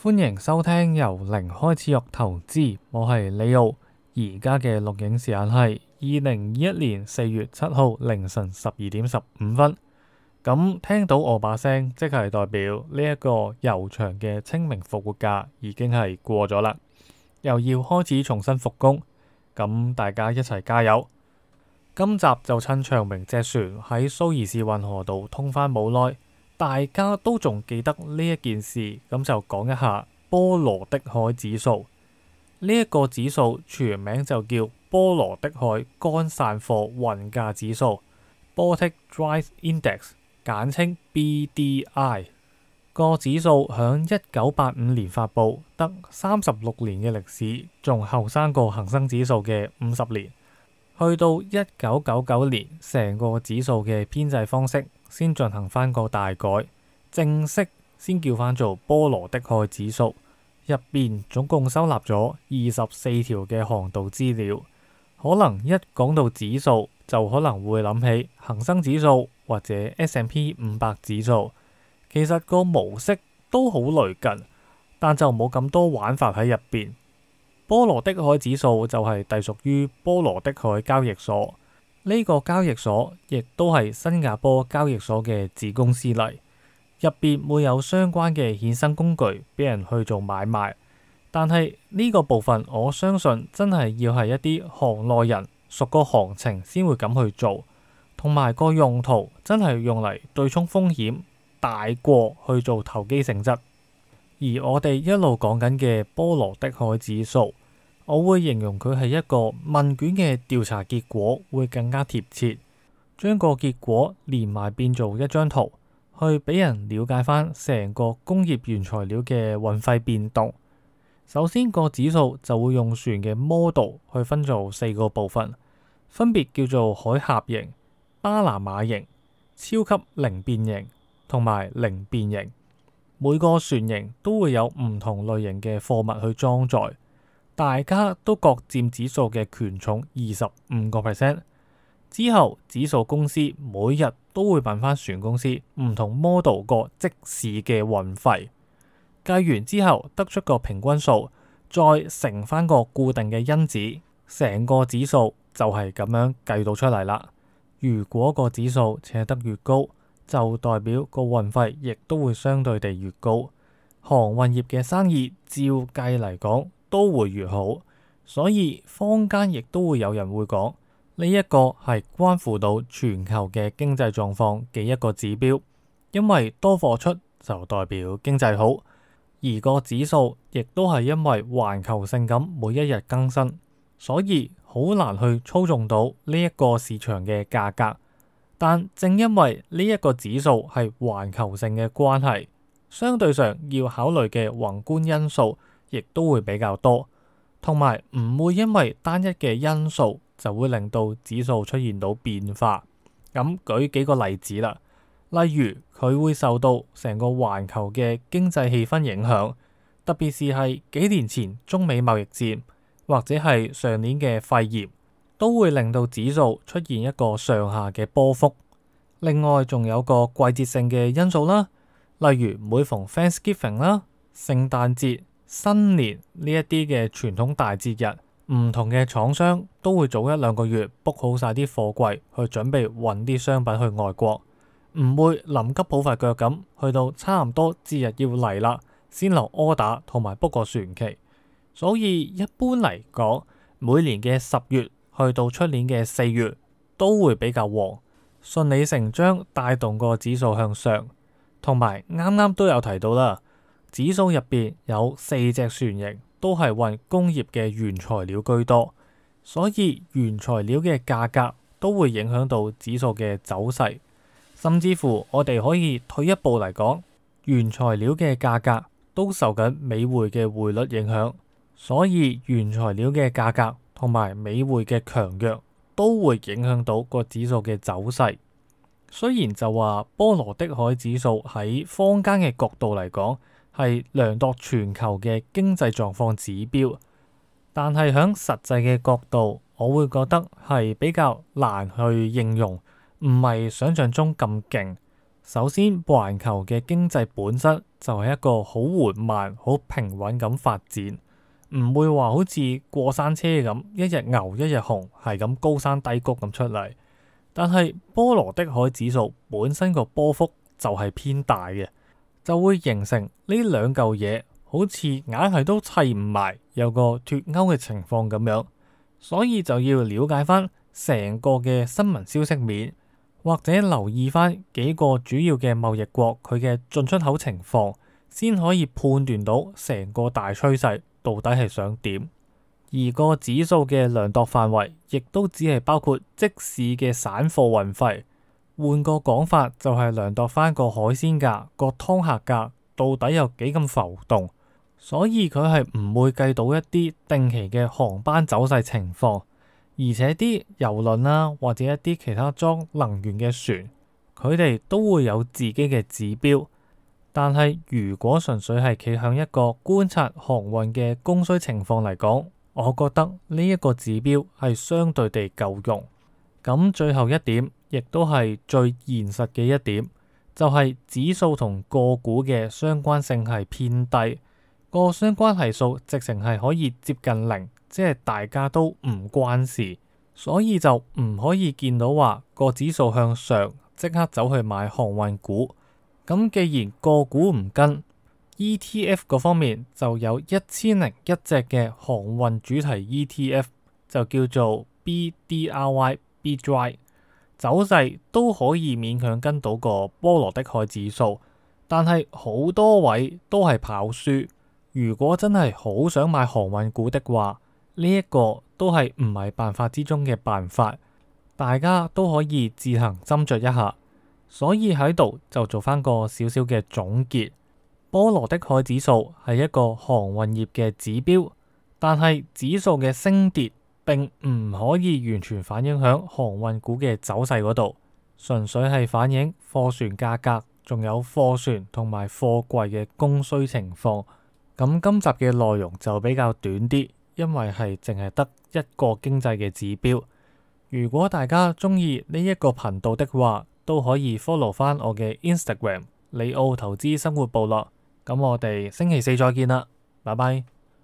歡迎收聽由零開始學投資，我係李奧，而家嘅錄影時間係二零二一年四月七號凌晨十二點十五分。咁、嗯、聽到我把聲，即係代表呢一個悠長嘅清明復活假已經係過咗啦，又要開始重新復工。咁、嗯、大家一齊加油。今集就趁長榮隻船喺蘇伊士運河度通返冇耐。大家都仲記得呢一件事，咁就講一下波羅的海指數。呢、這、一個指數全名就叫波羅的海乾散貨運價指數 b o l t i c Dry Index），簡稱 BDI。這個指數喺一九八五年發布，得三十六年嘅歷史，仲後生個恒生指數嘅五十年。去到一九九九年，成個指數嘅編製方式先進行翻個大改，正式先叫返做波羅的海指數。入邊總共收納咗二十四條嘅航道資料。可能一講到指數，就可能會諗起恒生指數或者 S&P 五百指數。其實個模式都好類近，但就冇咁多玩法喺入邊。波羅的海指數就係隸屬於波羅的海交易所，呢個交易所亦都係新加坡交易所嘅子公司嚟，入邊會有相關嘅衍生工具俾人去做買賣，但係呢個部分，我相信真係要係一啲行內人熟個行情先會咁去做，同埋個用途真係用嚟對沖風險，大過去做投機性質，而我哋一路講緊嘅波羅的海指數。我會形容佢係一個問卷嘅調查結果，會更加貼切。將個結果連埋變做一張圖，去俾人了解翻成個工業原材料嘅運費變動。首先個指數就會用船嘅 model 去分做四個部分，分別叫做海峽型、巴拿馬型、超級靈便型同埋靈便型。每個船型都會有唔同類型嘅貨物去裝載。大家都各佔指數嘅權重二十五個 percent 之後，指數公司每日都會問翻船公司唔同 model 個即時嘅運費計完之後，得出個平均數，再乘翻個固定嘅因子，成個指數就係咁樣計到出嚟啦。如果個指數扯得越高，就代表個運費亦都會相對地越高。航運業嘅生意照計嚟講都會越好，所以坊間亦都會有人會講呢一個係關乎到全球嘅經濟狀況嘅一個指標，因為多貨出就代表經濟好，而個指數亦都係因為環球性咁每一日更新，所以好難去操縱到呢一個市場嘅價格。但正因為呢一個指數係環球性嘅關係，相對上要考慮嘅宏觀因素。亦都會比較多，同埋唔會因為單一嘅因素就會令到指數出現到變化。咁、嗯、舉幾個例子啦，例如佢會受到成個環球嘅經濟氣氛影響，特別是係幾年前中美貿易戰，或者係上年嘅肺炎，都會令到指數出現一個上下嘅波幅。另外仲有個季節性嘅因素啦，例如每逢 Thanksgiving 啦，聖誕節，新年呢一啲嘅傳統大節日，唔同嘅廠商都會早一兩個月 book 好晒啲貨櫃，去準備運啲商品去外國，唔會臨急抱佛腳咁，去到差唔多節日要嚟啦，先留 order 同埋 book 個船期。所以一般嚟講，每年嘅十月去到出年嘅四月都會比較旺，順理成章帶動個指數向上。同埋啱啱都有提到啦。指數入邊有四隻船型，都係運工業嘅原材料居多，所以原材料嘅價格都會影響到指數嘅走勢。甚至乎，我哋可以退一步嚟講，原材料嘅價格都受緊美匯嘅匯率影響，所以原材料嘅價格同埋美匯嘅強弱都會影響到個指數嘅走勢。雖然就話波羅的海指數喺坊間嘅角度嚟講，係量度全球嘅經濟狀況指標，但係喺實際嘅角度，我會覺得係比較難去應用，唔係想像中咁勁。首先，環球嘅經濟本身就係一個好緩慢、好平穩咁發展，唔會話好似過山車咁，一日牛一日熊，係咁高山低谷咁出嚟。但係波羅的海指數本身個波幅就係偏大嘅。就會形成呢兩嚿嘢，好似硬係都砌唔埋，有個脫鈎嘅情況咁樣，所以就要了解翻成個嘅新聞消息面，或者留意翻幾個主要嘅貿易國佢嘅進出口情況，先可以判斷到成個大趨勢到底係想點。而個指數嘅量度範圍，亦都只係包括即時嘅散貨運費。換個講法，就係、是、量度返個海鮮價、個湯客價到底有幾咁浮動，所以佢係唔會計到一啲定期嘅航班走勢情況，而且啲郵輪啊，或者一啲其他裝能源嘅船，佢哋都會有自己嘅指標。但係如果純粹係企向一個觀察航運嘅供需情況嚟講，我覺得呢一個指標係相對地夠用。咁最後一點。亦都係最現實嘅一點，就係、是、指數同個股嘅相關性係偏低，個相關係數直情係可以接近零，即係大家都唔關事，所以就唔可以見到話個指數向上即刻走去買航運股。咁既然個股唔跟，E T F 嗰方面就有一千零一隻嘅航運主題 E T F，就叫做 B D R Y B Dry。走勢都可以勉強跟到個波羅的海指數，但係好多位都係跑輸。如果真係好想買航運股的話，呢一個都係唔係辦法之中嘅辦法，大家都可以自行斟酌一下。所以喺度就做翻個小小嘅總結。波羅的海指數係一個航運業嘅指標，但係指數嘅升跌。並唔可以完全反映響航運股嘅走勢嗰度，純粹係反映貨船價格，仲有貨船同埋貨櫃嘅供需情況。咁今集嘅內容就比較短啲，因為係淨係得一個經濟嘅指標。如果大家中意呢一個頻道的話，都可以 follow 翻我嘅 Instagram 李奧投資生活部落。咁我哋星期四再見啦，拜拜。